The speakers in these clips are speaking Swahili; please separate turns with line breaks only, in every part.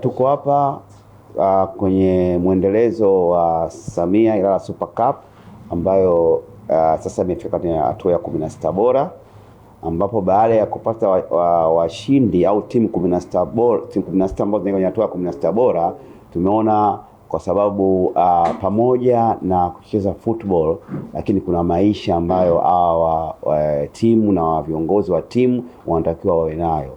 tuko hapa uh, kwenye mwendelezo wa Samia Ilala Super Cup ambayo uh, sasa imefika kwenye hatua ya kumi na sita bora ambapo baada ya kupata washindi wa, wa au timu kumi na sita bora timu kumi na sita ambazo zinaingia kwenye hatua ya kumi na sita bora tumeona kwa sababu uh, pamoja na kucheza football lakini kuna maisha ambayo hawa eh, timu na viongozi wa timu wanatakiwa wawe nayo.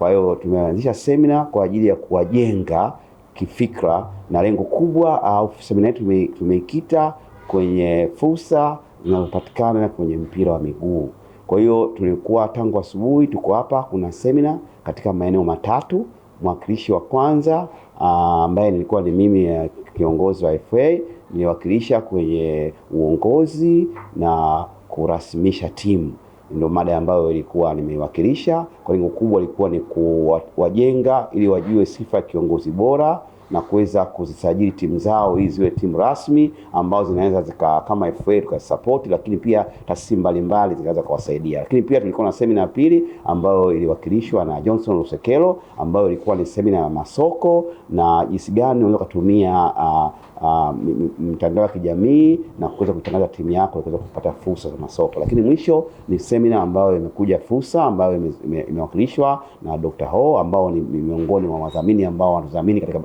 Kwa hiyo tumeanzisha semina kwa ajili ya kuwajenga kifikra, na lengo kubwa au semina yetu tumeikita kwenye fursa zinazopatikana kwenye mpira wa miguu. Kwa hiyo tulikuwa tangu asubuhi tuko hapa, kuna semina katika maeneo matatu. Mwakilishi wa kwanza ah, ambaye nilikuwa ni mimi, eh, kiongozi wa FA, niliwakilisha kwenye uongozi na kurasimisha timu ndio mada ambayo ilikuwa nimeiwakilisha. Kwa lengo kubwa ilikuwa ni kuwajenga ili wajue sifa ya kiongozi bora na kuweza kuzisajili timu zao ili ziwe timu rasmi ambazo zinaweza zika kama FA tukasapoti, lakini pia taasisi mbalimbali zikaweza kuwasaidia. Lakini pia tulikuwa na semina ya pili ambayo iliwakilishwa na Johnson Lusekelo ambayo ilikuwa ni semina ya masoko na jinsi gani unaweza kutumia uh, Uh, mtandao wa kijamii na kuweza kutangaza timu yako kuweza kupata fursa za masoko. Lakini mwisho ni semina ambayo imekuja fursa ambayo imewakilishwa na Dr. Ho ambao ni miongoni mwa wadhamini ambao wanadhamini katika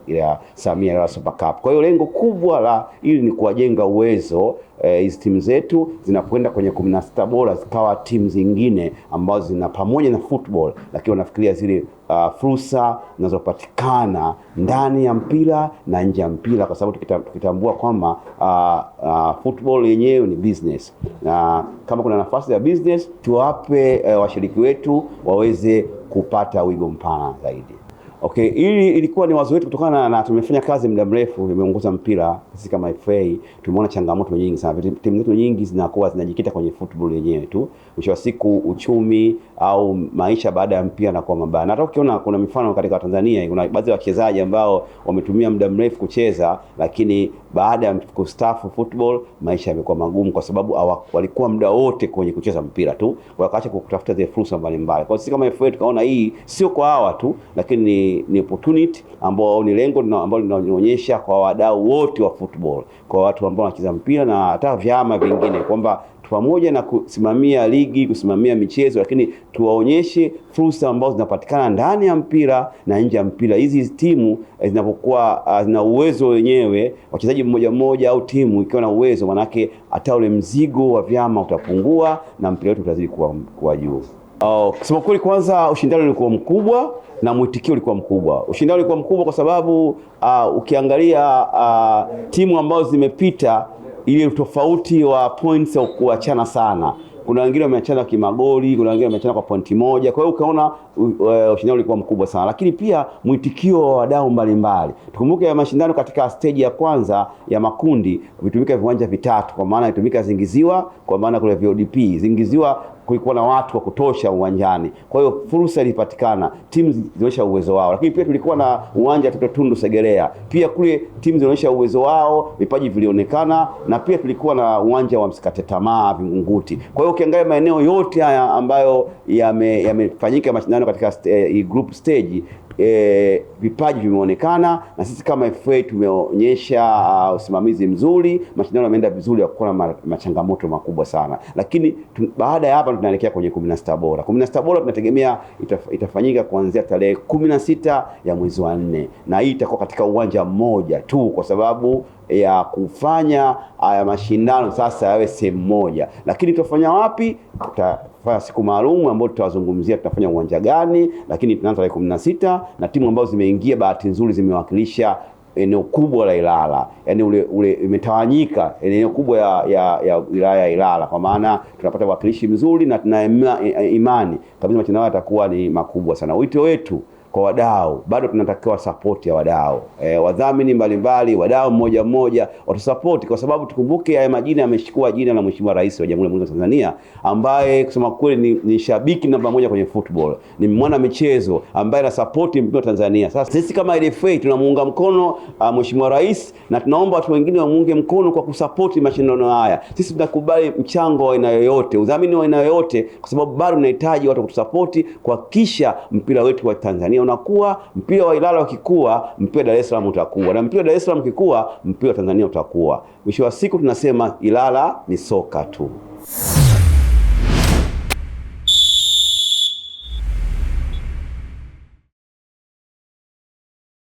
Samia Samia Super Cup. Kwa hiyo lengo kubwa la ili ni kuwajenga uwezo eh, hizi e, timu zetu zinapoenda kwenye kumi na sita bora zikawa timu zingine ambazo zina pamoja na football, lakini wanafikiria zile uh, fursa zinazopatikana ndani ya mpira na nje ya mpira, kwa sababu tukitambua kwamba uh, uh, football yenyewe ni business, na kama kuna nafasi ya business tuwape uh, washiriki wetu waweze kupata wigo mpana zaidi. Okay, hili ilikuwa ni wazo wetu kutokana na, na tumefanya kazi muda mrefu, imeongoza mpira sisi kama FA, tumeona changamoto nyingi sana. Timu zetu nyingi zinakuwa zinajikita kwenye football yenyewe tu, mwisho wa siku uchumi au maisha baada ya mpira nakuwa mabaya, na hata ukiona kuna mifano katika Tanzania, kuna baadhi ya wachezaji ambao wametumia muda mrefu kucheza, lakini baada ya kustaafu football maisha yamekuwa magumu, kwa sababu walikuwa muda wote kwenye kucheza mpira tu, wakaacha kutafuta zile fursa mbalimbali. Kwa sisi kama FA tukaona hii sio kwa hawa tu, lakini ni, opportunity ambao ni lengo ambalo linaonyesha kwa wadau wote wa football, kwa watu ambao wanacheza mpira na hata vyama vingine kwamba pamoja na kusimamia ligi, kusimamia michezo, lakini tuwaonyeshe fursa ambazo zinapatikana ndani ya mpira na nje ya mpira. Hizi timu eh, zinapokuwa ah, zina uwezo wenyewe, wachezaji mmoja mmoja au timu ikiwa na uwezo, manake hata ule mzigo wa vyama utapungua na mpira wetu utazidi kuwa juu. Oh, kusema kweli, kwanza ushindani ulikuwa mkubwa na mwitikio ulikuwa mkubwa. Ushindani ulikuwa mkubwa kwa sababu uh, ukiangalia uh, timu ambazo zimepita, ile tofauti wa points kuachana sana kuna wengine wameachana kwa magoli, kuna wengine wameachana kwa pointi moja. Kwa hiyo ukaona uh, ushindani ulikuwa mkubwa sana, lakini pia mwitikio wa wadau mbalimbali. Tukumbuke ya mashindano katika stage ya kwanza ya makundi vitumika viwanja vitatu, kwa maana vitumika Zingiziwa, kwa maana kule VODP Zingiziwa kulikuwa na watu wa kutosha uwanjani, kwa hiyo fursa ilipatikana, timu zilionyesha uwezo wao. Lakini pia tulikuwa na uwanja Toto Tundu Segerea, pia kule timu zilionyesha uwezo wao, vipaji vilionekana, na pia tulikuwa na uwanja wa Msikate Tamaa Vingunguti. Kwa hiyo ukiangalia maeneo yote haya ambayo yamefanyika yame mashindano katika st eh, e, group stage e, vipaji vimeonekana na sisi kama FA tumeonyesha uh, usimamizi mzuri, mashindano yameenda vizuri, yakuwa na machangamoto makubwa sana, lakini baada ya hapa tunaelekea kwenye 16 bora. 16 bora tunategemea itaf, itafanyika kuanzia tarehe 16 ya mwezi wa nne, na hii itakuwa katika uwanja mmoja tu kwa sababu ya kufanya haya uh, mashindano sasa yawe sehemu moja, lakini tutafanya wapi? tutafanya siku maalum ambayo tutawazungumzia tutafanya uwanja gani, lakini tunaanza tarehe kumi na sita na timu ambazo zimeingia bahati nzuri zimewakilisha eneo kubwa la Ilala, yani ule ule imetawanyika eneo kubwa ya ya, ya wilaya ya Ilala, kwa maana tunapata wakilishi mzuri na tuna e, e, imani kabisa mashindano yatakuwa ni makubwa sana. Wito wetu kwa wadau, bado tunatakiwa support ya wadau e, wadhamini mbalimbali, wadau mmoja mmoja watusupport, kwa sababu tukumbuke haya majina yameshikua jina la Mheshimiwa Rais wa Jamhuri ya Muungano wa Tanzania ambaye kusema kweli ni, ni shabiki namba moja kwenye football, ni mwana michezo ambaye anasapoti mpira wa Tanzania. Sasa sisi kama LFA tunamuunga mkono uh, Mheshimiwa Rais na tunaomba watu wengine wamuunge mkono kwa kusupport mashindano haya. Sisi tunakubali mchango wa aina yoyote, udhamini wa aina yoyote, kwa sababu bado tunahitaji watu kutusapoti kuhakikisha mpira wetu wa Tanzania unakuwa, mpira wa Ilala ukikua, mpira wa Dar es Salaam utakuwa, na mpira wa Dar es Salaam ukikua, mpira wa Tanzania utakuwa. Mwisho wa siku tunasema Ilala ni soka tu.